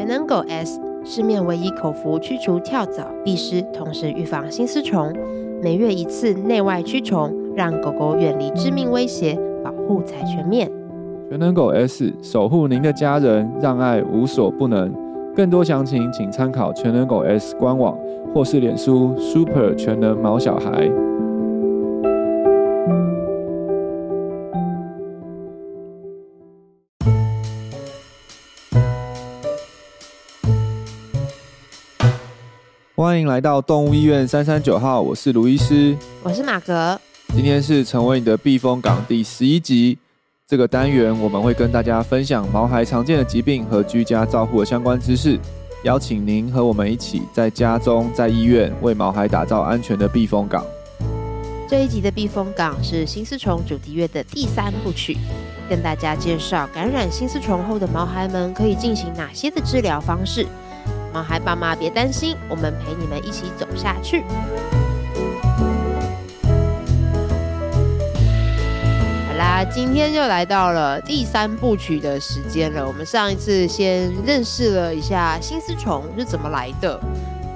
全能狗 S，市面唯一口服驅除跳蚤、壁蝨，同時預防心絲蟲，每月一次內外驅蟲，讓狗狗遠離致命威脅，保護才全面。全能狗 S 守護您的家人，讓愛無所不能。更多詳情請參考全能狗 S 官網或是臉書 Super 全能毛小孩。歡迎來到動物醫院三三九號，我是盧醫師，我是馬格。今天是成為你的避風港第十一集。這個單元我們會跟大家分享毛孩常見的疾病和居家照護的相關知識，邀請您和我們一起在家中、在醫院為毛孩打造安全的避風港。這一集的避風港是心絲蟲主題月的第三部曲，跟大家介紹感染心絲蟲後的毛孩們可以進行哪些的治療方式。毛孩爸媽別擔心，我們陪你們一起走下去。好啦，今天又來到了第三部曲的時間了。我們上一次先認識了一下心絲蟲是怎麼來的，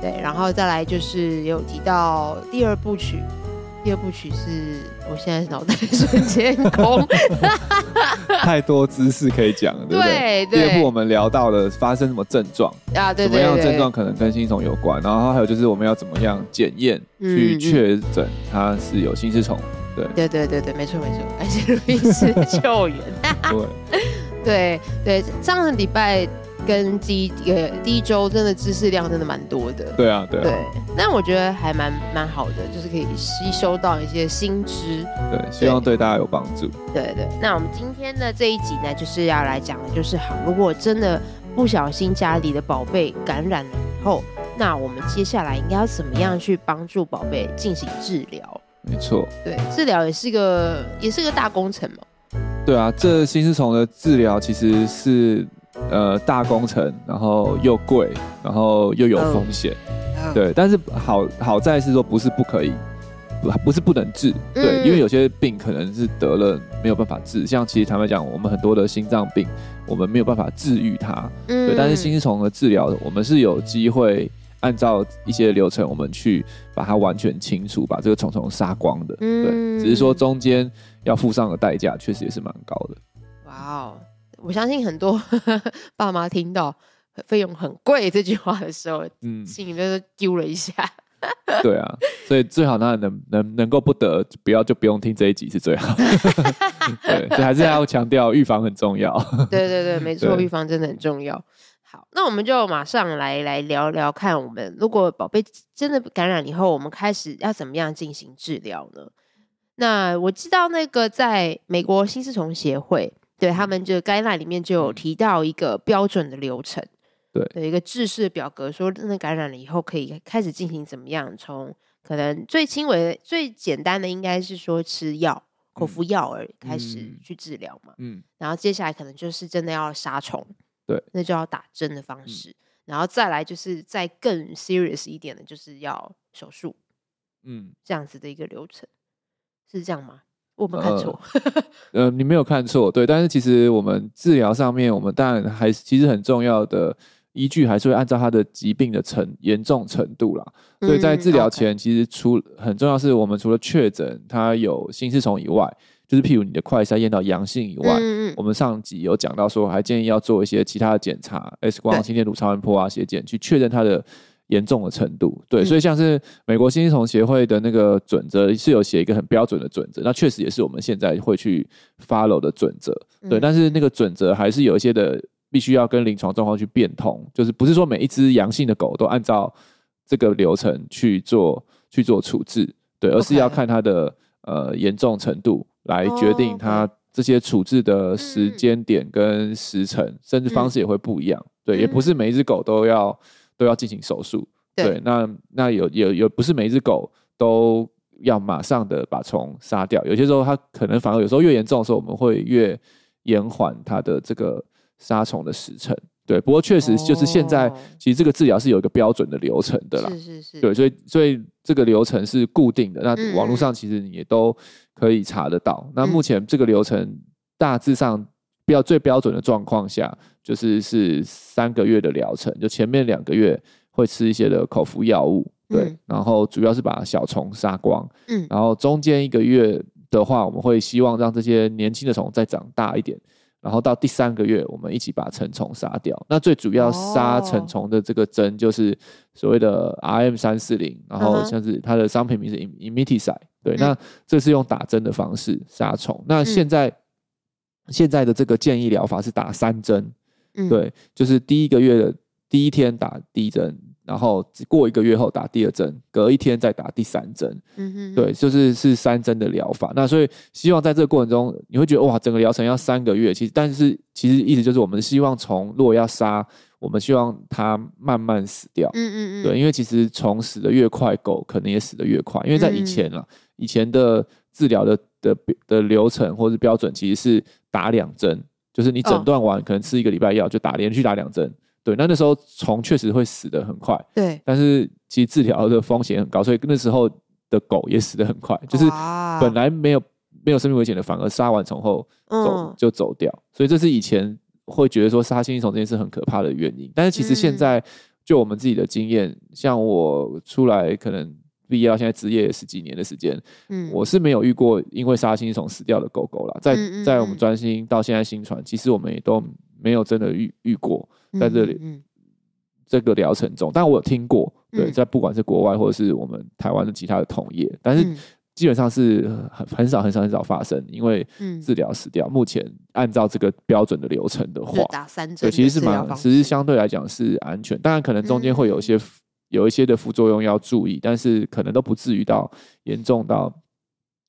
對，然後再來就是有提到第二部曲。第二部曲是我現在腦袋瞬間空，太多知識可以講，對不對？對對。第二部我們聊到了發生什麼症狀啊？什麼樣的症狀可能跟心絲蟲有關？然後還有就是我們要怎麼樣檢驗去確診它是有心絲蟲？對對對對，沒錯沒錯，而且盧醫師救援。對對對，上個禮拜。跟第一呃第一周真的知識量真的蠻多的，對啊，對啊，對，那我覺得還蠻蠻好的，就是可以吸收到一些新知，對，希望對大家有幫助。對,對對，那我們今天的這一集呢，就是要來講的就是，好，如果真的不小心家裡的寶貝感染了以後，那我們接下來應該要怎麼樣去幫助寶貝進行治療？沒錯，對，治療也是個也是個大工程嘛。對啊，這心絲蟲的治療其實是。呃，大工程，然後又貴，然後又有風險，嗯、對。但是好好在是說，不是不可以，不是不能治，嗯、對。因為有些病可能是得了沒有辦法治，像其實坦白講，我們很多的心臟病，我們沒有辦法治癒它。嗯、對，但是心絲蟲的治療，我們是有機會按照一些流程，我們去把它完全清除，把這個蟲蟲殺光的。嗯、對，只是說中間要付上的代價，確實也是蠻高的。哇哦。我相信很多呵呵爸媽聽到“費用很貴”這句話的時候，嗯，心裡就丟了一下。嗯、 對啊，所以最好呢，能能能夠不得，不要就不用聽這一集是最好。 對，所以還是要強調預防很重要。 對對對，沒錯，預防真的很重要。好，那我們就馬上來來聊聊看，我們如果寶貝真的感染以後，我們開始要怎麼樣進行治療呢？那我知道那個在美國心絲蟲協會。對，他們就 guideline 裡面就有提到一個標準的流程，嗯、對，有對一個制式的表格說真的感染了以後可以開始進行怎麼樣？從可能最輕微、最簡單的應該是說吃藥、嗯、口服藥而已、嗯、開始去治療嘛，嗯，然後接下來可能就是真的要殺蟲，對，那就要打針的方式，嗯、然後再來就是再更 serious 一點的，就是要手術，嗯，這樣子的一個流程是這樣嗎？我沒看錯、呃， 呃，你沒有看錯，對。但是其實我們治療上面，我們當然還是其實很重要的依據，還是會按照他的疾病的程嚴重程度啦。所以、嗯、在治療前，okay. 其實除很重要是我們除了確診他有心絲蟲以外，就是譬如你的快篩驗到陽性以外，嗯、我們上集有講到說，還建議要做一些其他的檢查，X 光、對心電圖、超音波啊、血檢，去確認它的。嚴重的程度，對，嗯、所以像是美國心絲蟲協會的那個準則是有寫一個很標準的準則，那確實也是我們現在會去 follow 的準則，嗯、對。但是那個準則還是有一些的，必須要跟臨床狀況去變通，就是不是說每一隻陽性的狗都按照這個流程去做去做處置，對，Okay. 而是要看它的呃嚴重程度來決定它這些處置的時間點跟時程，嗯、甚至方式也會不一樣，嗯、對，也不是每一隻狗都要。都要進行手術，對，對，那那有有有，不是每一隻狗都要馬上的把蟲殺掉，有些時候它可能反而有時候越嚴重的時候，我們會越延緩它的這個殺蟲的時程，對。不過確實就是現在，其實這個治療是有一個標準的流程的啦，是是是，對，所以所以這個流程是固定的，那網絡上其實你也都可以查得到。嗯、那目前這個流程大致上。比較最標準的狀況下，就是是三個月的療程，就前面兩個月會吃一些的口服藥物，對，嗯、然後主要是把小蟲殺光，嗯，然後中間一個月的話，我們會希望讓這些年輕的蟲再長大一點，然後到第三個月，我們一起把成蟲殺掉。那最主要殺成蟲的這個針就是所謂的 RM 三四零，然後像是它的商品名是 Immiticide，對，嗯、那這是用打針的方式殺蟲。那現在。嗯現在的這個建議療法是打三針，嗯、對，就是第一個月的第一天打第一針，然後過一個月後打第二針，隔一天再打第三針。嗯、哼對，就是是三針的療法。那所以希望在這個過程中，你會覺得哇，整個療程要三個月。其實，但是其實意思就是我，我們希望蟲如果要殺，我們希望它慢慢死掉。嗯嗯嗯，對，因為其實蟲死得越快，狗可能也死得越快，因為在以前了，嗯嗯以前的。治療的的的,的流程或是標準其實是打兩針，就是你診斷完、嗯、可能吃一個禮拜藥就打連續打兩針。對，那那時候蟲確實會死得很快。對，但是其實治療的風險很高，所以那時候的狗也死得很快，就是本來沒有哇沒有生命危險的，反而殺完蟲後狗就走掉。嗯、所以這是以前會覺得說殺心絲蟲這件事很可怕的原因。但是其實現在、嗯、就我們自己的經驗，像我出來可能。畢業到現在執業十幾年的時間，嗯、我是沒有遇過因為殺心絲蟲死掉的狗狗了。在、嗯嗯、在我們專心到現在心傳，其實我們也都沒有真的遇遇過在這裡、嗯嗯、這個療程中。但我有聽過，對，嗯、在不管是國外或者是我們台灣的其他的同業，但是基本上是很很少很少很少發生，因為治療死掉。嗯、目前按照這個標準的流程的話，打三針。對，其實是蠻其實相對來講是安全，當然可能中間會有一些、嗯。有一些的副作用要注意，但是可能都不至於到嚴重到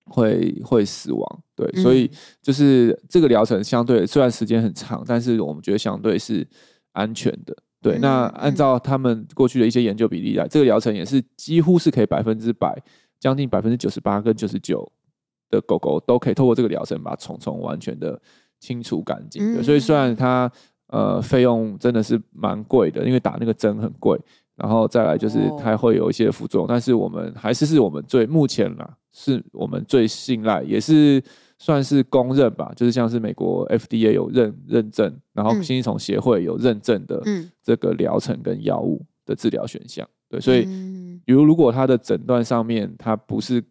會會死亡。對，嗯、所以就是這個療程相對雖然時間很長，但是我們覺得相對是安全的。對，那按照他們過去的一些研究比例來，嗯、這個療程也是幾乎是可以百分之百，將近百分之九十八跟九十九的狗狗都可以透過這個療程把它蟲蟲完全的清除乾淨。對，嗯、所以雖然它呃費用真的是蠻貴的，因為打那個針很貴。然後再來就是它會有一些副作用，哦、但是我們還是是我們最目前啦，是我們最信賴，也是算是公認吧。就是像是美國 FDA 有認認證，然後心絲蟲協會有認證的，這個療程跟藥物的治療選項，嗯、對，所以比如如果它的診斷上面它不是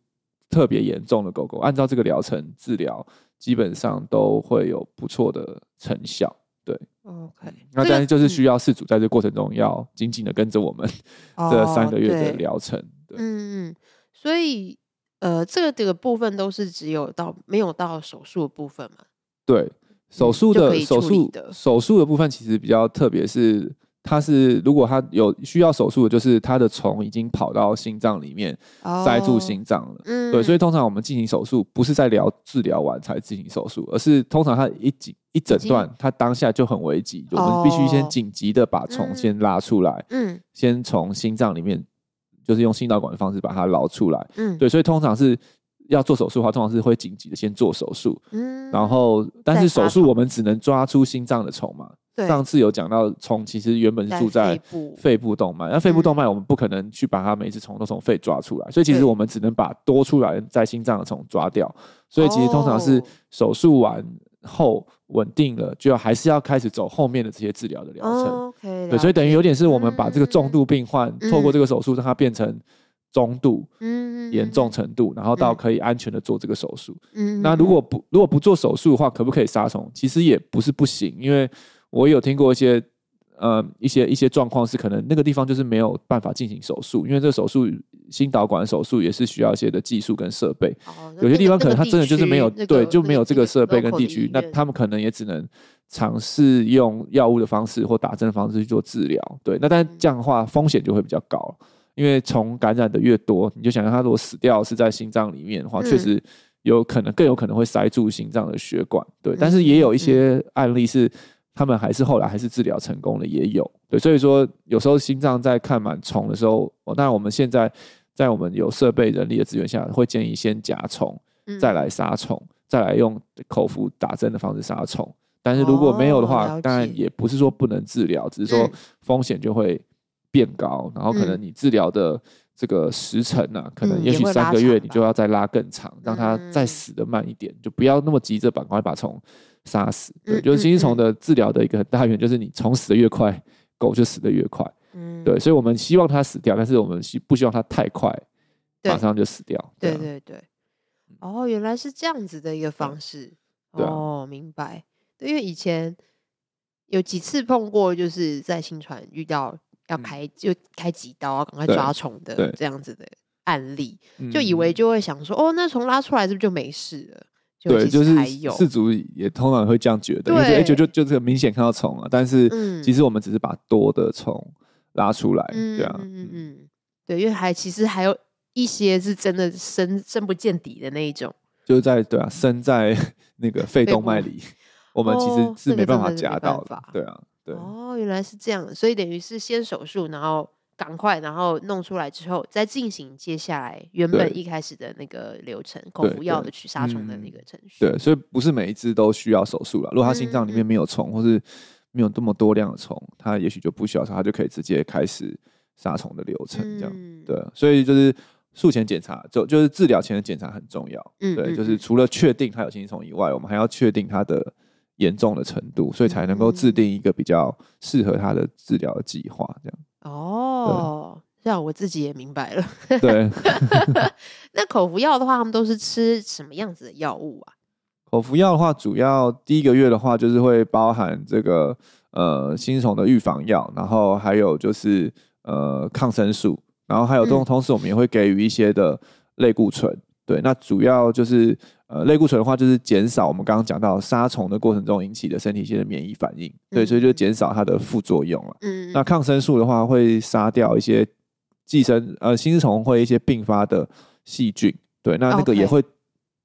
特別嚴重的狗狗，按照這個療程治療，基本上都會有不錯的成效，對。OK，那但是就是需要飼主在這個過程中要緊緊的跟着我們這三個月的療程。嗯、哦、對嗯，所以呃、這個，這個部分都是只有到沒有到手術的部分嘛？對，手術的，、嗯、的手術的手術的部分其實比較特別是。他是如果他有需要手術的，就是他的蟲已經跑到心臟裡面，塞住心臟了。Oh, 對，嗯、所以通常我們進行手術，不是在療治療完才進行手術，而是通常他一緊一診斷，他當下就很危急，嗯、我們必須先緊急的把蟲先拉出來。Oh, 先從心臟裡面，就是用心導管的方式把它撈出來。嗯、對，所以通常是。要做手術的話，通常是會緊急的先做手術，嗯、然後但是，手術我們只能抓出心臟的蟲嘛。對上次有講到蟲其實原本是住在肺部動脈，那、嗯、肺部動脈我們不可能去把它每一隻蟲都從肺抓出來，所以其實我們只能把多出來在心臟的蟲抓掉。所以其實通常是手術完後穩定了，就要還是要開始走後面的這些治療的療程。哦、okay, 對，所以等於有點是我們把這個重度病患、嗯、透過這個手術讓它變成。中度，嚴重程度，嗯嗯、然後到可以安全的做這個手術，嗯、那如果不如果不做手術的話，可不可以殺蟲？其實也不是不行，因為我有聽過一些，呃，一些一些狀況是可能那個地方就是沒有辦法進行手術，因為這個手術心導管手術也是需要一些的技術跟設備，哦、有些地方可能它真的就是沒有，那個那個、對，就沒有這個設備跟地區，那個地區，那他們可能也只能嘗試用藥物的方式或打針的方式去做治療，對，那但這樣的話風險就會比較高。因為蟲感染的越多，你就想象它如果死掉是在心臟裡面的話，嗯、確實有可能更有可能會塞住心臟的血管。對，嗯、但是也有一些案例是、嗯、他們還是後來還是治療成功了，也有對。所以說有時候心臟在看滿蟲的時候、哦，當然我們現在在我們有設備人力的資源下，會建議先夾蟲，再來殺蟲，嗯、再來用口服打針的方式殺蟲。但是如果沒有的話，哦、當然也不是說不能治療，只是說風險就會變高，然後可能你治療的這個時程呢、啊，嗯、可能也許三個月你就要再拉更長，長讓它再死的慢一點，嗯嗯，就不要那麼急着趕快把蟲殺死。嗯嗯嗯嗯對，就是心絲蟲的治療的一個很大原則就是你蟲死的越快，狗就死的越快。嗯，對，所以我們希望它死掉，但是我們希不希望它太快，對馬上就死掉。對，啊、對對對。哦，原來是這樣子的一個方式。對哦，明白對。因為以前有幾次碰過，就是在心傳遇到。要開就開幾刀，趕快抓蟲的這樣子的案例，就以為就會想說，哦，那蟲拉出來是不是就沒事了？對，就是飼主也通常會這樣覺得，就覺就就就是明顯看到蟲了，但是其實我們只是把多的蟲拉出來，對啊，嗯嗯，對，因為還其實還有一些是真的深深不見底的那一種，就在對啊，生在那個肺動脈裡，我們其實是沒辦法夾到的，對啊。對哦，原來是這樣，所以等於是先手術，然後趕快，然後弄出來之後，再進行接下來原本一開始的那個流程，口服藥的去殺蟲的那個程序對、嗯。對，所以不是每一只都需要手術了，如果他心臟裡面沒有蟲，嗯、或是沒有這麼多量的蟲，嗯、它也許就不需要它，就可以直接開始殺蟲的流程。這樣，嗯、對，所以就是術前檢查，就就是治療前的檢查很重要。嗯、對，嗯、就是除了確定它有心絲蟲以外，嗯、我們還要確定它的。嚴重的程度，所以才能夠制定一個比較適合他的治療的計劃，這樣。哦，對這樣我自己也明白了。對， 那口服藥的話，他們都是吃什麼樣子的藥物啊？口服藥的話，主要第一個月的話，就是會包含這個呃心絲蟲的預防藥，然後還有就是呃抗生素，然後還有這種、嗯、同時我們也會給予一些的類固醇。嗯對，那主要就是呃，類固醇的話，就是減少我們剛剛講到殺蟲的過程中引起的身體性的免疫反應，嗯、對，所以就減少它的副作用了。嗯，那抗生素的話，會殺掉一些寄生呃心絲蟲會一些併發的細菌，對，那那個也會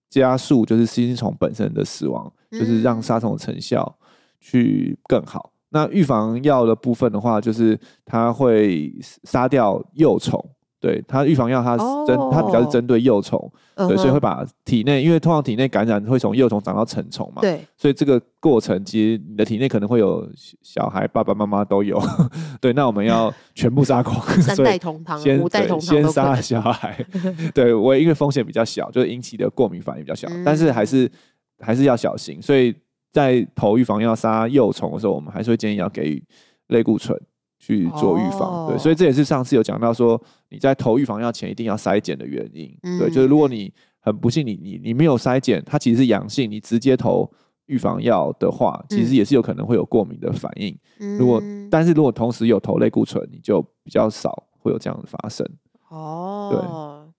加速就是心絲蟲本身的死亡，就是讓殺蟲成效去更好。嗯、那預防藥的部分的話，就是它會殺掉幼蟲。對它預防藥它，它是針，它比較是針對幼蟲，哦、對，所以會把體內，因為通常體內感染會從幼蟲長到成蟲嘛，對，所以這個過程其實你的體內可能會有小孩、爸爸媽媽都有，嗯、對，那我們要全部殺光，三代同堂、五代同堂對先殺小孩，對我也因為風險比較小，就是引起的過敏反應比較小，嗯、但是還是還是要小心，所以在投預防藥殺幼蟲的時候，我們還是會建議要給予類固醇。去做預防，哦、對，所以這也是上次有講到說，你在投預防藥前一定要篩檢的原因。嗯、對，就是如果你很不幸你，你你你沒有篩檢，它其實是陽性，你直接投預防藥的話，其實也是有可能會有過敏的反應。嗯、如果，但是如果同時有投類固醇，你就比較少會有這樣的發生。哦，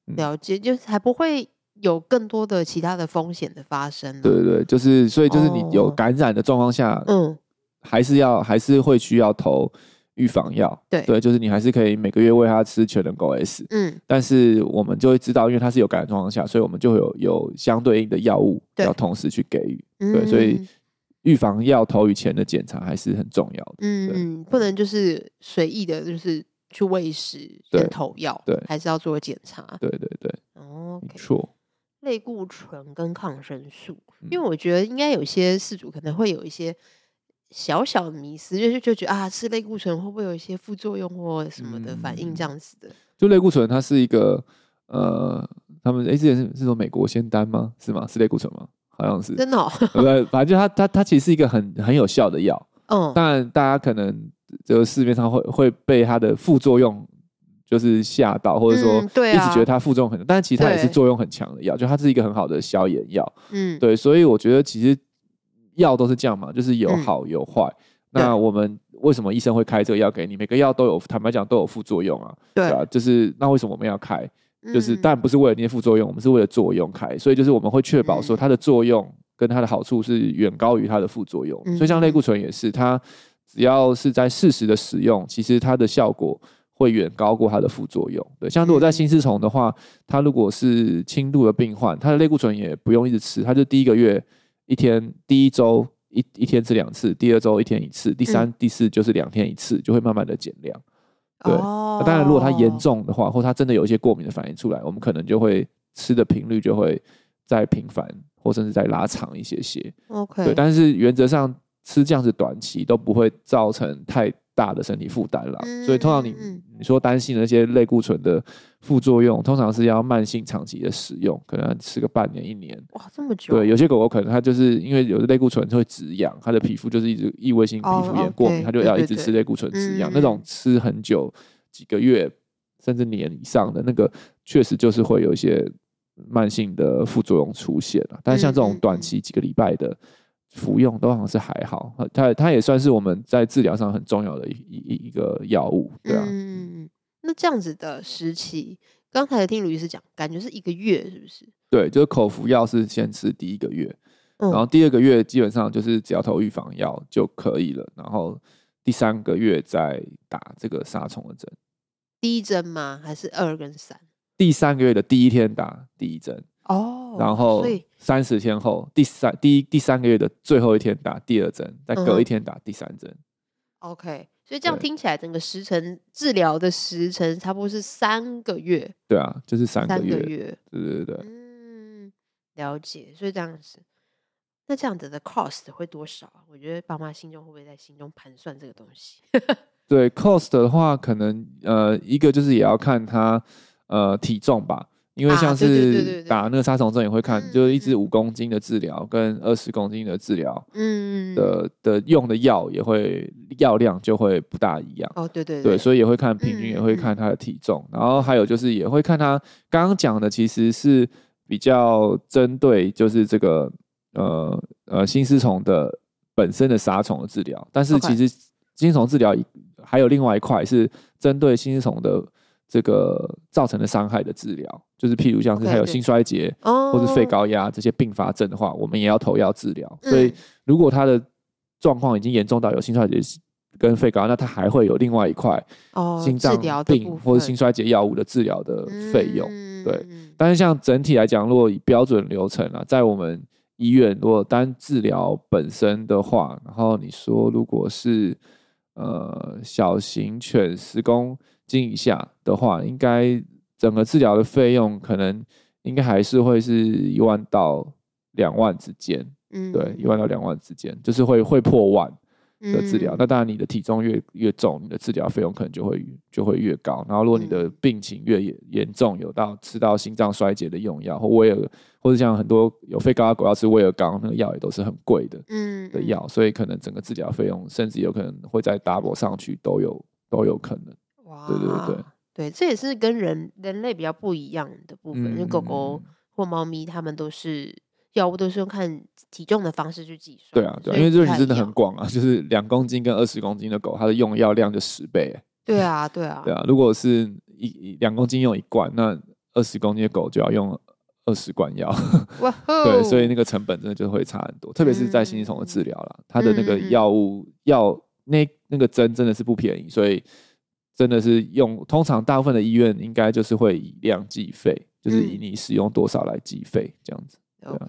對，嗯、了解，就是還不會有更多的其他的風險的發生、啊。對，對對，就是所以就是你有感染的狀況下、哦，嗯，還是要還是會需要投。預防藥，對，對，就是你還是可以每個月餵它吃全能狗 S，嗯，但是我們就會知道，因為它是有感染狀況下，所以我們就會有有相對應的藥物要同時去給予，對，所以預防藥投與前的檢查還是很重要的，嗯，不能就是隨意的就是去餵食跟投藥，對，還是要做檢查，對對對，哦，沒錯，類固醇跟抗生素，因為我覺得應該有些飼主可能會有一些。小小迷思，就就是、就覺得啊，是類固醇，會不會有一些副作用或什麼的反應這樣子的？嗯、就類固醇，它是一個呃，他們誒、欸、之前是是說美國仙丹嗎？是嗎？是類固醇嗎？好像是真的哦。哦，反正就它它它其實是一個很很有效的藥。嗯，當然大家可能就市面上會會被它的副作用就是嚇到，或者說一直覺得它副作用很多，嗯啊、但其實它也是作用很強的藥，對就它是一個很好的消炎藥。嗯，對，所以我覺得其實。藥都是這樣嘛，就是有好有壞。嗯、那我們為什麼醫生會開這個藥給你？對每個藥都有，坦白講都有副作用啊。對啊，就是那為什麼我們要開？嗯、就是但不是為了那些副作用，我們是為了作用開。所以就是我們會確保說它的作用跟它的好處是遠高於它的副作用。嗯、所以像類固醇也是，它只要是在適時的使用，其實它的效果會遠高過它的副作用。對，像如果在心絲蟲的話，它如果是輕度的病患，它的類固醇也不用一直吃，它就第一個月，一天第一周一一天吃兩，次，第二周一天一次，第三、嗯、第四就是兩天一次，就會慢慢的減量。對、oh 啊，當然如果它嚴重的話，或是它真的有一些過敏的反應出來，我們可能就會吃的頻率就會再頻繁，或甚至再拉長一些些。OK，對，但是原則上吃這樣子短期都不會造成太。大的身體負擔了，嗯、所以通常你，嗯、你說擔心那些類固醇的副作用，通常是要慢性長期的使用，可能吃個半年一年。哇，這麼久！對，有些狗狗可能它就是因為有的類固醇會止癢，它的皮膚就是一直異位性皮膚炎過敏，它，oh, okay, 就要一直吃類固醇止癢。對對對，那種吃很久幾個月甚至年以上的那個，確、嗯、實就是會有一些慢性的副作用出現了。嗯、但是像這種短期、嗯、幾個禮拜的。服用都好像是還好，它它也算是我們在治療上很重要的一一一,一個藥物，對吧、啊？嗯，那這樣子的時期，剛才聽盧醫師講，感覺是一個月，是不是？對，就是口服藥是先吃第一個月，嗯、然後第二個月基本上就是只要投預防藥就可以了，然後第三個月再打這個殺蟲的針。第一針嗎？還是二跟三？第三個月的第一天打第一針。哦，然後三十天後，所以第三第一第三個月的最後一天打第二針，嗯、哼再隔一天打第三針。OK，所以這樣聽起來，整個時程對治療的時程差不多是三個月。對啊，就是三個月。三個月對對對。嗯，了解。所以這樣子，那這樣子的 cost 會多少啊？我覺得爸媽心中會不會在心中盤算這個東西？ 對 cost 的話，可能呃，一個就是也要看他呃體重吧。因為像是打那個殺蟲針也會看，就是一隻五公斤的治療跟二十公斤的治療，嗯的的用的藥也會藥量就會不大一樣。哦，對對對，所以也會看平均，也會看它的體重，然後還有就是也會看它剛剛講的，其實是比較針對就是這個呃呃心絲蟲的本身的殺蟲的治療，但是其實心絲蟲治療還有另外一塊是針對心絲蟲的，這個造成的傷害的治療，就是譬如像是他有心衰竭，或者肺高壓這些併發症的話，我們也要投藥治療。所以，如果他的狀況已經嚴重到有心衰竭跟肺高壓，那他還會有另外一塊心臟病或者心衰竭藥物的治療的費用。哦、對，但是像整體來講，如果以標準流程啊，在我們醫院，如果單治療本身的話，然後你說如果是。呃，小型犬十公斤以下的話，應該整個治療的費用可能應該還是會是一萬到兩萬之間，嗯，對，一萬到兩萬之間，就是會會破萬。的治療，那當然你的體重越越重，你的治療費用可能就會就會越高。然後如果你的病情越嚴重，有到吃到心臟衰竭的用藥，或威而，或者像很多有肺高壓狗要吃威而鋼，那個藥也都是很貴的，的嗯，嗯，的藥，所以可能整個治療費用甚至有可能會再 double 上去，都有都有可能。哇，對對對對，這也是跟人人類比較不一樣的部分，因為、嗯、狗狗或貓咪，它們都是。藥物都是用看體重的方式去計算。對啊，對啊，對，因為這個真的很廣啊，就是兩公斤跟二十公斤的狗，它的用藥量就十倍。對啊，對啊， 對啊，如果是一兩公斤用一罐，那二十公斤的狗就要用二十罐藥。 哇吼呼！對，所以那個成本真的就會差很多，嗯、特別是在心絲蟲的治療了，它的那個藥物嗯嗯藥那那個針真的是不便宜，所以真的是用通常大部分的醫院應該就是會以量計費，就是以你使用多少來計費，嗯、這樣子。OK，這樣。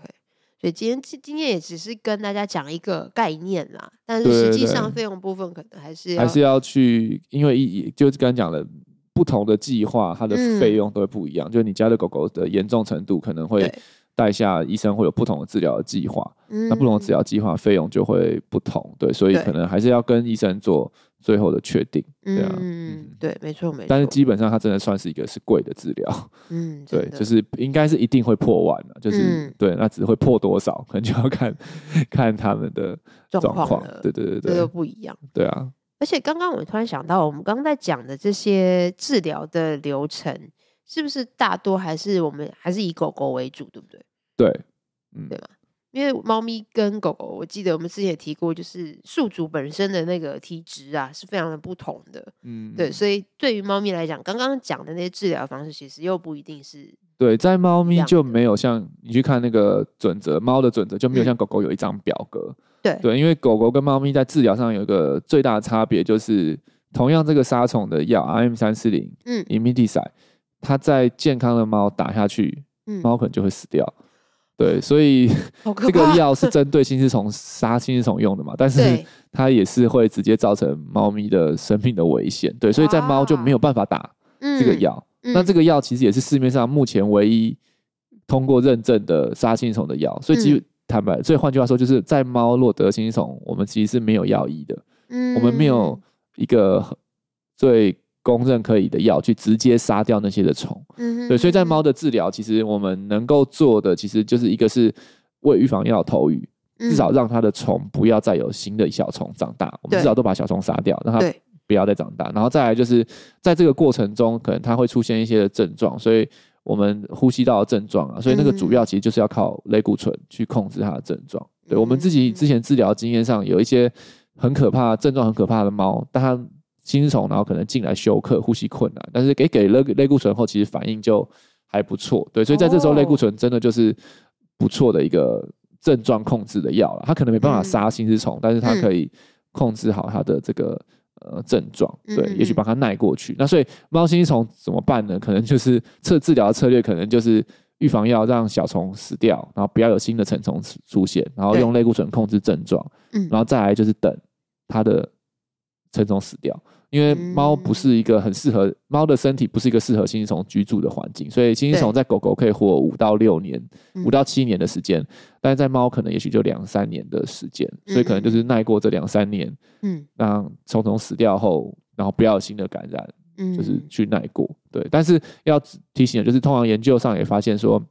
所以今天今今天也只是跟大家講一個概念啦，但是實際上費用部分可能還是對對還是要去，因為一就是剛才講了不同的計劃，它的費用都會不一樣。嗯、就你家的狗狗的嚴重程度，可能會帶下醫生會有不同的治療的計劃，嗯、那不同的治療計劃費用就會不同。對，所以可能還是要跟醫生做最後的確定，對啊，嗯，嗯對，沒錯，沒錯。但是基本上，它真的算是一個是貴的治療，嗯，對，就是應該是一定會破萬了，就是、嗯、對，那只會破多少，可能就要看看他們的狀況，狀況，對對對對，都，都不一樣，對啊。而且剛剛我突然想到，我們剛剛在講的這些治療的流程，是不是大多還是我們還是以狗狗為主，對不對？對，嗯，對嗎？因為貓咪跟狗狗，我記得我們之前也提過，就是宿主本身的那個體質啊，是非常的不同的。嗯，對，所以對於貓咪來講，剛剛講的那些治療方式，其實又不一定是。對，在貓咪就沒有像你去看那個準則，貓的準則就沒有像狗狗有一張表格。嗯，對，因為狗狗跟貓咪在治療上有一個最大的差別，就是同樣這個殺蟲的藥，R M 三四零，40, 嗯，Imidiside，它在健康的貓打下去，貓可能就會死掉。嗯對，所以這個藥是針對心絲蟲殺心絲蟲用的嘛，但是它也是會直接造成貓咪的生命的危險。對，所以在貓就沒有辦法打這個藥。那這個藥其實也是市面上目前唯一通過認證的殺心絲蟲的藥。所以其實坦白，所以換句話說，就是在貓落得心絲蟲，我們其實是沒有藥醫的。我們沒有一個最。公認可以的藥去直接殺掉那些的蟲，嗯、哼對，所以在貓的治療，嗯、哼其實我們能夠做的，其實就是一個是餵預防藥投予，嗯、至少讓它的蟲不要再有新的小蟲長大，嗯、我們至少都把小蟲殺掉，對讓它不要再長大。然後再來就是在這個過程中，可能它會出現一些的症狀，所以我們呼吸道的症狀啊，所以那個主要其實就是要靠類固醇去控制它的症狀。嗯、哼對，我們自己之前治療經驗上，有一些很可怕症狀、很可怕的貓，但它。心絲蟲，然後可能進來休克、呼吸困難，但是給給了類固醇後，其實反應就還不錯，對，所以在這時候類固醇真的就是不錯的一個症狀控制的藥了。它可能沒辦法殺心絲蟲，嗯、但是它可以控制好它的這個呃症狀，對，嗯、也許幫它耐過去。嗯嗯、那所以貓心絲蟲怎麼辦呢？可能就是策治療策略，可能就是預防藥讓小蟲死掉，然後不要有新的成蟲出現，然後用類固醇控制症狀，嗯對，然後再來就是等它的成蟲死掉。因為貓不是一個很適合貓的身體，不是一個適合心絲蟲居住的環境，所以心絲蟲在狗狗可以活五到六年、五到七年的時間，但是在貓可能也許就兩三年的時間，所以可能就是耐過這兩三年，嗯，讓蟲蟲死掉後，然後不要有新的感染，嗯，就是去耐過，對。但是要提醒的就是，通常研究上也發現說，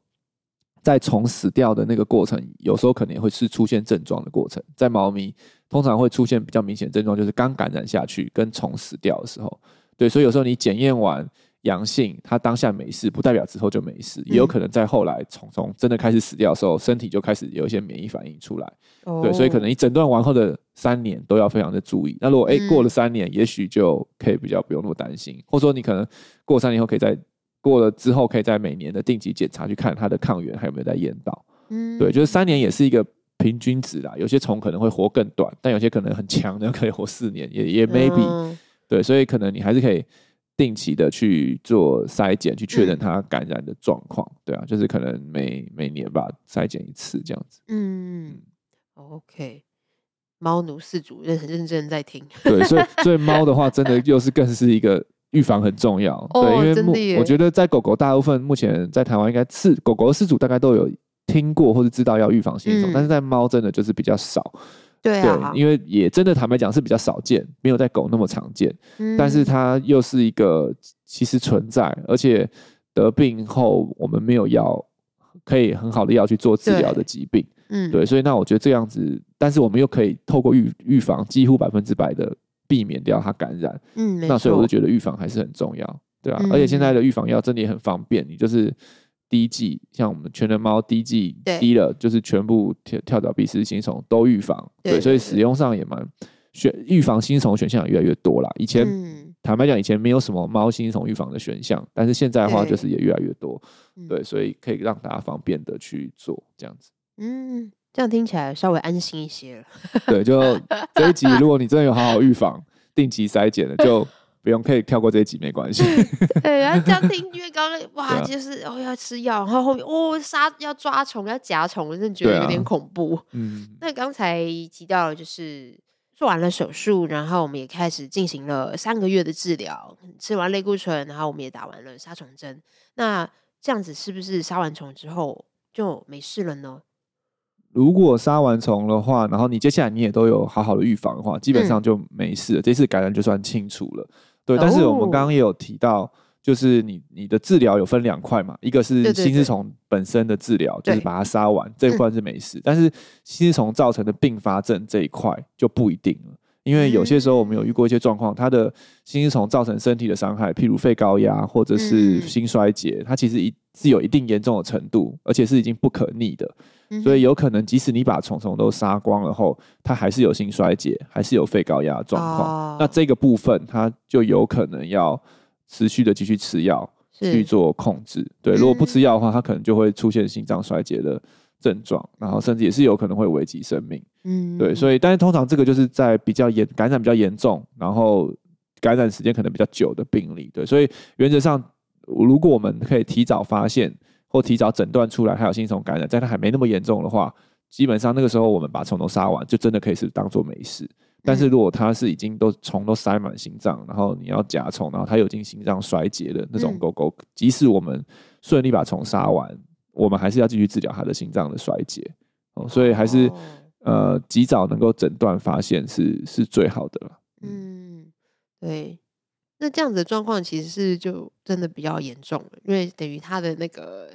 在蟲死掉的那個過程，有時候可能也會是出現症狀的過程。在貓咪通常會出現比較明顯症狀，就是剛感染下去跟蟲死掉的時候。對，所以有時候你檢驗完陽性，它當下沒事，不代表之後就沒事，嗯、也有可能在後來蟲蟲真的開始死掉的時候，身體就開始有一些免疫反應出來。哦、對，所以可能你診斷完後的三年都要非常的注意。那如果誒過了三年，嗯、也許就可以比較不用那麼擔心，或者說你可能過三年以後可以再。過了之後，可以在每年的定期檢查去看它的抗原還有沒有在驗到。嗯，對，就是三年也是一個平均值啦。有些蟲可能會活更短，但有些可能很強的可以活四年，也也 maybe、嗯、對，所以可能你還是可以定期的去做篩檢，去確認它感染的狀況。嗯、對啊，就是可能每每年吧篩檢一次這樣子。嗯，嗯，OK，貓奴四主任認認真真在聽。對，所以所以貓的話，真的又是更是一個。預防很重要，哦、對，因為我覺得在狗狗大部分目前在台灣應該是狗狗的飼主大概都有聽過或者知道要預防心絲蟲，嗯、但是在貓真的就是比較少，對，啊、對，因為也真的坦白講是比較少見，沒有在狗那麼常見，嗯、但是它又是一個其實存在，而且得病後我們沒有藥可以很好的藥去做治療的疾病，嗯，對，所以那我覺得這樣子，但是我們又可以透過預預防幾乎百分之百的。避免掉它感染，嗯，那所以我就覺得預防還是很重要，對啊。嗯、而且現在的預防藥真的也很方便，嗯，你就是滴劑，像我們全能貓滴劑，滴對了就是全部跳、跳蚤、壁蝨、心蟲都預防，對，對，對，對，所以使用上也蠻選預防心蟲選項也越來越多了。以前，嗯、坦白講，以前沒有什麼貓心蟲預防的選項，但是現在的話就是也越來越多，對，對，所以可以讓大家方便的去做這樣子，嗯。這樣聽起來稍微安心一些了。對，就這一集，如果你真的有好好預防、 定期篩檢的，就不用可以跳過這一集，沒關係。 對啊，這樣聽因為剛剛哇，就是、啊、哦，要吃藥，然後後面哦殺要抓蟲要夾蟲，我真的覺得有點恐怖。啊、嗯。那剛才提到了，就是做完了手術，然後我們也開始進行了三個月的治療，吃完類固醇，然後我們也打完了殺蟲針。那這樣子是不是殺完蟲之後就沒事了呢？如果殺完蟲的話，然後你接下來你也都有好好的預防的話，基本上就沒事了。嗯、這次感染就算清楚了，對。但是我們剛剛也有提到，就是你你的治療有分兩塊嘛，一個是心絲蟲本身的治療，對對對就是把它殺完，對這塊是沒事。嗯、但是心絲蟲造成的併發症這一塊就不一定了，因為有些時候我們有遇過一些狀況，它的心絲蟲造成身體的傷害，譬如肺高壓或者是心衰竭，嗯、它其實一是有一定嚴重的程度，而且是已經不可逆的。所以有可能，即使你把蟲蟲都殺光了後，它還是有心衰竭，還是有肺高壓狀況。哦、那這個部分，它就有可能要持續的繼續吃藥去是做控制。對，如果不吃藥的話，它可能就會出現心臟衰竭的症狀，然後甚至也是有可能會危及生命。嗯，對。所以，但是通常這個就是在比較嚴感染比較嚴重，然後感染時間可能比較久的病例。對，所以原則上，如果我們可以提早發現。或提早診斷出來，他有心蟲感染，在它還沒那麼嚴重的話，基本上那個時候我們把蟲都殺完，就真的可以是當做沒事。但是如果他是已經都蟲都塞滿心臟，嗯、然後你要夾蟲，然後他有經心臟衰、衰竭的那種狗狗，嗯、即使我們順利把蟲殺完，我們還是要繼續治療他的心臟的衰竭。哦，所以還是、哦、呃，及早能夠診斷發現是是最好的了。嗯、嗯，對。那這樣子的狀況其實是就真的比較嚴重，因為等於他的那個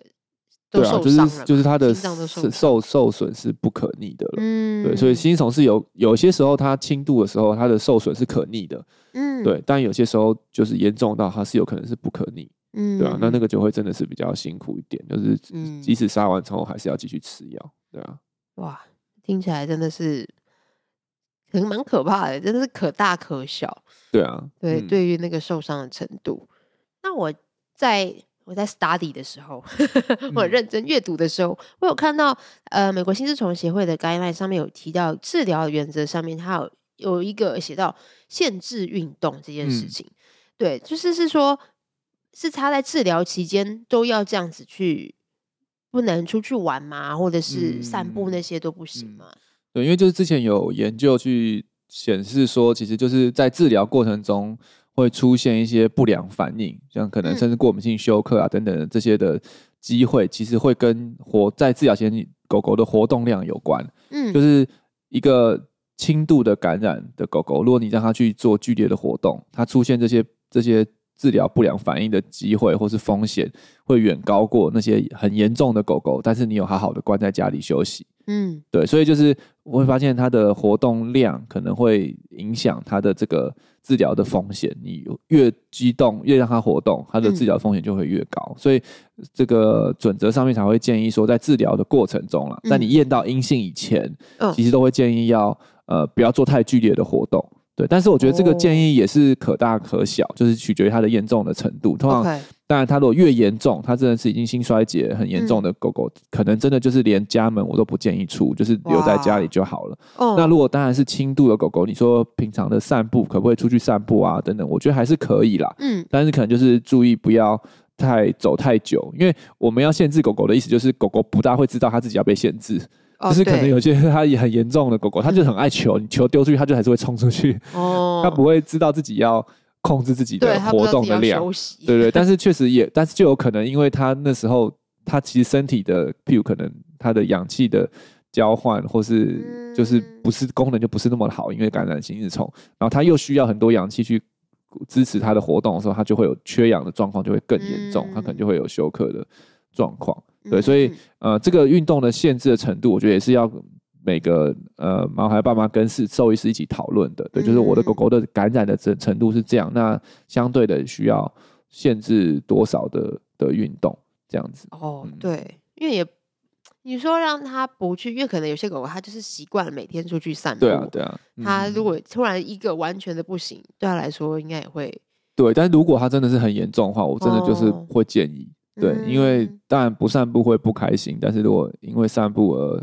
都受傷了。對啊，就是、就是他的心臟受受損是不可逆的了。嗯，對，所以心絲蟲是有有些時候它輕度的時候，它的受損是可逆的。嗯，對，但有些時候就是嚴重到它是有可能是不可逆。嗯，對啊，那那個就會真的是比較辛苦一點，就是即使殺完之後還是要繼續吃藥，對啊、嗯，哇，聽起來真的是。可能蠻可怕的，真的是可大可小。對啊，對，嗯、對於那個受傷的程度，那我在我在 study 的時候， 我認真閱讀的時候，嗯、我有看到呃，美國心絲蟲協會的 guideline 上面有提到治療原則上面，它有有一個寫到限制運動這件事情。嗯、對，就是是說，是他在治療期間都要這樣子去，不能出去玩嘛，或者是散步那些都不行嘛。嗯嗯。對，因為就是之前有研究去顯示說，其實就是在治療過程中會出現一些不良反應，像可能甚至過敏性休克啊、嗯、等等的這些的機會，其實會跟活在治療前狗狗的活動量有關。嗯，就是一個輕度的感染的狗狗，如果你讓它去做劇烈的活動，它出現這些這些治療不良反應的機會或是風險，會遠高過那些很嚴重的狗狗。但是你有好好的關在家裡休息，嗯，對，所以就是。我會發現他的活動量可能會影響他的這個治療的風險。你越激動，越讓他活動，他的治療風險就會越高。嗯、所以這個準則上面才會建議說，在治療的過程中了，在你驗到陰性以前，其實都會建議要呃不要做太劇烈的活動。對，但是我覺得這個建議也是可大可小，嗯、就是取決於它的嚴重的程度。通常。當然，它如果越嚴重，它真的是已經心衰竭很嚴重的狗狗，嗯、可能真的就是連家門我都不建議出，就是留在家裡就好了。哇哦、那如果當然是輕度的狗狗，你說平常的散步可不可以出去散步啊？等等，我覺得還是可以啦。嗯、但是可能就是注意不要太走太久，因為我們要限制狗狗的意思就是狗狗不大會知道它自己要被限制，哦、就是可能有些它也很嚴重的狗狗，它就很愛球，嗯、你球丟出去，它就還是會衝出去。哦、它不會知道自己要。控制自己的活動的量，對，對對，但是確實也，但是就有可能，因為他那時候他其實身體的，譬如，可能他的氧氣的交換，或是就是不是，嗯、功能就不是那麼好，因為感染心絲蟲，然後他又需要很多氧氣去支持他的活動的時候，他就會有缺氧的狀況，就會更嚴重，嗯、他可能就會有休克的狀況。對，所以呃，這個運動的限制的程度，我覺得也是要每個呃，毛孩爸媽跟獸獸醫師一起討論的，對，就是我的狗狗的感染的程程度是這樣，嗯、那相對的需要限制多少的的運動這樣子。哦，對，嗯、因為也你說讓他不去，因為可能有些狗狗它就是習慣了每天出去散步，對啊，對啊。嗯、它如果突然一個完全的不行，對它來說應該也會。對，但如果它真的是很嚴重的話，我真的就是會建議，哦、對，嗯、因為當然不散步會不開心，但是如果因為散步而。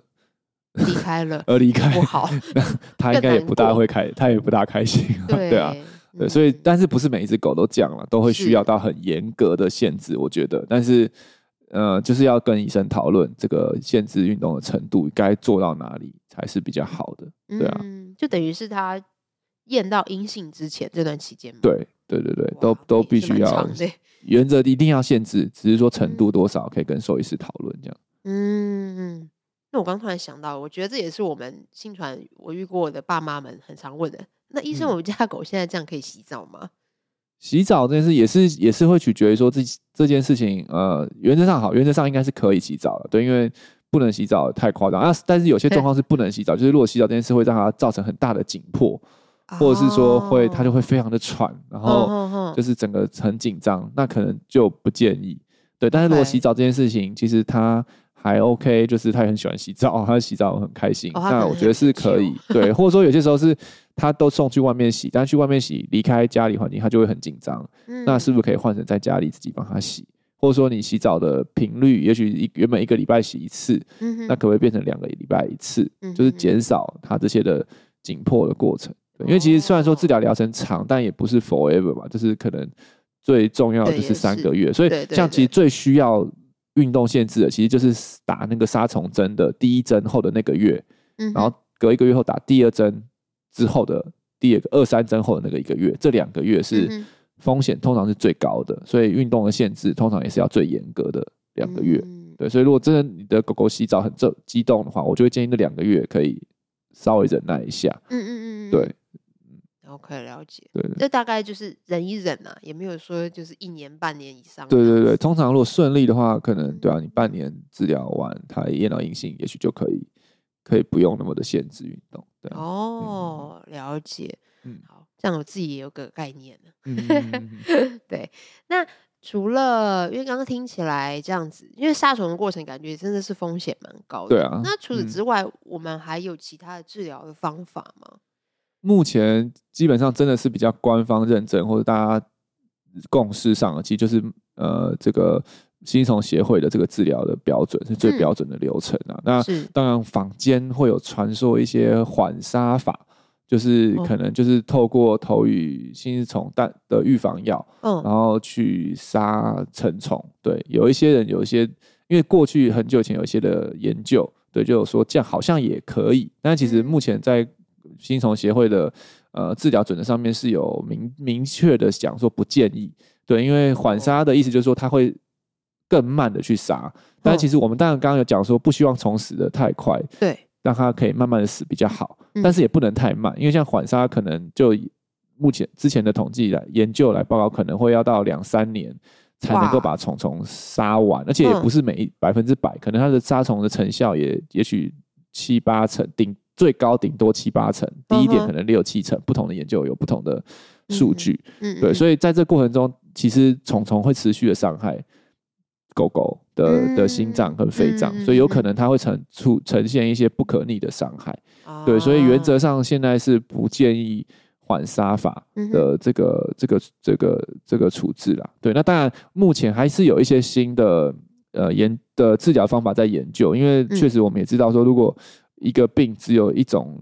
離開了 而離開不好， 他應該也不大會開，他也不大開心，嗯、 對啊，對，所以、嗯、但是不是每一只狗都這樣了，都會需要到很嚴格的限制，的我覺得，但是，呃，就是要跟醫生討論這個限制運動的程度該做到哪裡才是比較好的，對啊，嗯、就等於是他驗到陰性之前這段期間，對，對對對，哇都都必須要，原則一定要限制，只是說程度多少可以跟獸醫師討論這樣，嗯。嗯那我剛突然想到，我覺得這也是我們心傳我遇過我的爸媽們很常問的。那醫生，我們家狗現在這樣可以洗澡嗎？嗯？洗澡這件事也是，也是會取決於說這這件事情。呃，原則上好，原則上應該是可以洗澡的，對，因為不能洗澡太誇張啊。但是有些狀況是不能洗澡，嘿就是如果洗澡這件事會讓它造成很大的緊迫，或者是說會、哦、它就會非常的喘，然後就是整個很緊張，哦哦那可能就不建議。對，但是如果洗澡這件事情，哎、其實它。還 OK，就是他也很喜歡洗澡，他洗澡很開心。那我覺得是可以，對。或者說有些時候是他都送去外面洗，但去外面洗，離開家裡環境，他就會很緊張。那是不是可以換成在家裡自己幫他洗？或者說你洗澡的頻率，也許一原本一個禮拜洗一次，那可不可以變成兩個禮拜一次？就是減少他這些的緊迫的過程。因為其實雖然說治療療程長，但也不是 forever 嘛，就是可能最重要的就是三個月。所以像其實最需要。運動限制的其實就是打那個殺蟲針的第一針後的那個月，嗯哼，然後隔一個月後打第二針之後的第二個二三針後的那個一個月，這兩個月是風險通常是最高的，嗯、哼所以運動的限制通常也是要最嚴格的兩個月。嗯、對，所以如果真的你的狗狗洗澡很震激動的話，我就會建議那兩個月可以稍微忍耐一下。嗯嗯嗯，對。我可以了解，對，這大概就是忍一忍啊，也沒有說就是一年半年以上。對對對，通常如果順利的話，可能、嗯、對啊，你半年治療完，嗯、它驗到陰性，也許就可以，可以不用那麼的限制運動。對啊、哦，嗯、了解，嗯，好，這樣我自己也有個概念、啊嗯、 對，那除了因為剛剛聽起來這樣子，因為殺蟲的過程感覺真的是風險蠻高的。對啊。那除此之外，嗯、我們還有其他的治療的方法嗎？目前基本上真的是比較官方認證，或者大家共識上的，其實就是呃這個心絲蟲協會的這個治療的標準、嗯、是最標準的流程啊。那是當然坊間會有傳說一些緩殺法，就是可能就是透過投予心絲蟲蛋的預防藥，哦、然後去殺成蟲。對，有一些人有一些因為過去很久以前有一些的研究，對，就有說這樣好像也可以，嗯、但其實目前在。心絲蟲協會的呃治療準則上面是有明明確的講說不建議對，因為緩殺的意思就是說它會更慢的去殺，嗯、但其實我們當然剛剛有講說不希望蟲死的太快，對，讓它可以慢慢的死比較好，嗯、但是也不能太慢，因為像緩殺可能就目前之前的統計來研究來報告可能會要到兩三年才能夠把蟲蟲殺完，哇而且也不是每一百分之百，嗯、可能它的殺蟲的成效也也許七八成定。最高頂多七八成，低一點可能六七成，嗯、哼不同的研究有不同的數據，嗯嗯、對，所以在這過程中，其實蟲蟲會持續的傷害狗狗的的心臟和肺臟，嗯、哼所以有可能它會呈出呈現一些不可逆的傷害，嗯、哼對，所以原則上現在是不建議緩殺法的這個這個這個這個處置啦，對，那當然目前還是有一些新的呃研的治療方法在研究，因為確實我們也知道說如果。嗯一個病只有一種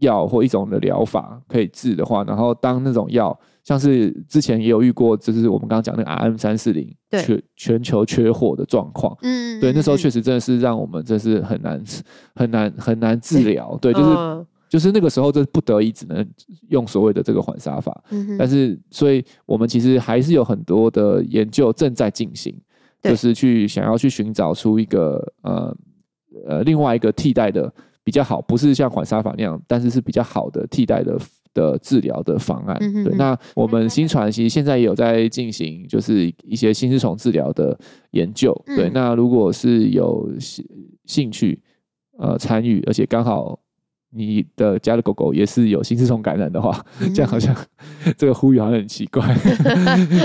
藥或一種的療法可以治的話，然後當那種藥，像是之前也有遇過，就是我們剛剛講那個、R、M 三四零全全球缺貨的狀況，嗯，嗯，嗯，對，那時候確實真的是讓我們真是很難很難很難治療，對，對，就是、哦、就是那個時候，就是不得已只能用所謂的這個緩殺法，嗯、哼但是所以我們其實還是有很多的研究正在進行，對就是去想要去尋找出一個呃呃另外一個替代的。比較好，不是像緩殺法那樣，但是是比較好的替代的的治療的方案。嗯嗯對，那我們心傳其實現在也有在進行，就是一些心絲蟲治療的研究。嗯、對，那如果是有興興趣，呃，參與，而且剛好。你的家的狗狗也是有心絲蟲感染的話，嗯嗯這樣好像這個呼籲好像很奇怪。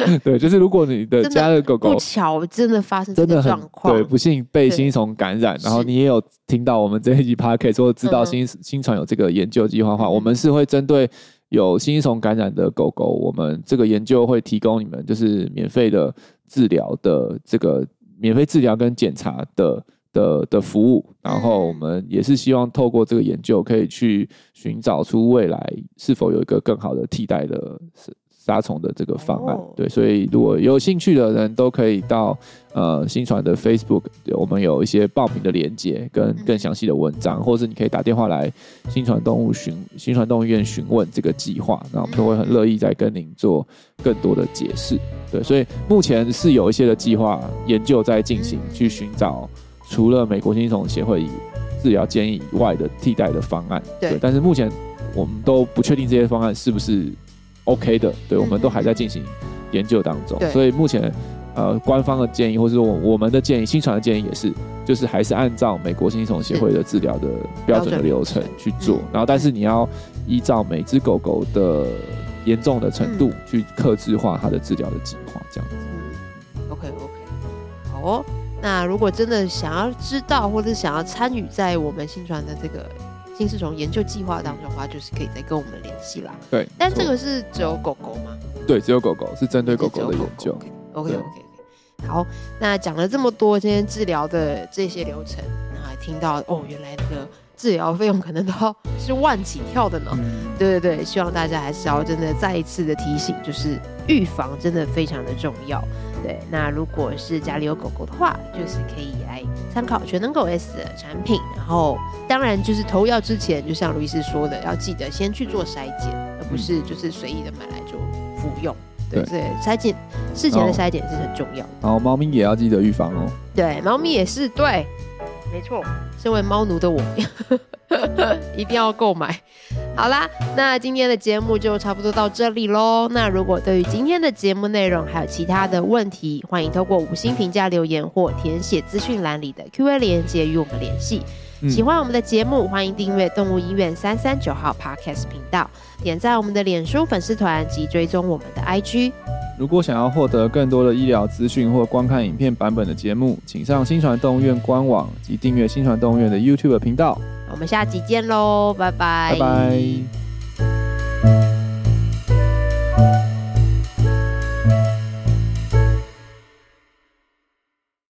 嗯、 對，就是如果你的家的狗狗的不巧真的發生這個狀況真的很對，不幸被心絲蟲感染，對然後你也有聽到我們這一集 podcast 說知道心嗯嗯心傳有這個研究計劃的話，我們是會針對有心絲蟲感染的狗狗，我們這個研究會提供你們就是免費的治療的這個免費治療跟檢查的的的服務，然後我們也是希望透過這個研究，可以去尋找出未來是否有一個更好的替代的殺蟲的這個方案。Oh. 對，所以如果有興趣的人都可以到呃心傳的 Facebook。對，我們有一些報名的鏈接跟更詳細的文章，或者是你可以打電話來心傳動物詢心傳動物醫院詢問這個計劃，那我們都會很樂意再跟您做更多的解釋。對，所以目前是有一些的計劃研究在進行，去尋找。除了美國心絲蟲協會以治療建議以外的替代的方案，對、對，但是目前我們都不確定這些方案是不是 OK 的，嗯、哼對，我們都還在進行研究當中，對所以目前呃官方的建議或者我我們的建議，心傳的建議也是，就是還是按照美國心絲蟲協會的治療的、嗯、哼標準的流程去做，嗯、哼然後但是你要依照每只狗狗的嚴重的程度去客製化它的治療的計劃，嗯、這樣子，OK OK 好哦。那如果真的想要知道，或者想要參與在我們心傳的這個心絲蟲研究計劃當中的話，就是可以再跟我們聯繫啦。對，但這個是只有狗狗嗎？對，只有狗狗是針對狗狗的研究。OK OK OK。好，那講了這麼多，今天治療的這些流程，然後還聽到哦，原來那個。治療費用可能都是萬起跳的呢，嗯、對對對，希望大家還是要真的再一次的提醒，就是預防真的非常的重要。對，那如果是家裡有狗狗的話，就是可以來參考全能狗 S 的產品，然後當然就是投藥之前，就像盧醫師說的，要記得先去做篩檢，而不是就是隨意的買來就服用。對，對篩檢事前的篩檢是很重要的。然後貓咪也要記得預防哦。對，貓咪也是對。沒錯，身為貓奴的我， 一定要購買。好啦，那今天的節目就差不多到這裡嘍。那如果對於今天的節目內容還有其他的問題，歡迎透過五星評價留言或填寫資訊欄裡的 Q&A 鏈接與我們聯繫。喜歡我們的節目，歡迎訂閱動物醫院三三九號 Podcast 頻道，點贊我們的臉書粉絲團及追蹤我們的 IG。如果想要獲得更多的醫療資訊或觀看影片版本的節目，請上心傳動物院官網及訂閱心傳動物院的 YouTube 頻道。我們下集見嘍，拜拜拜拜。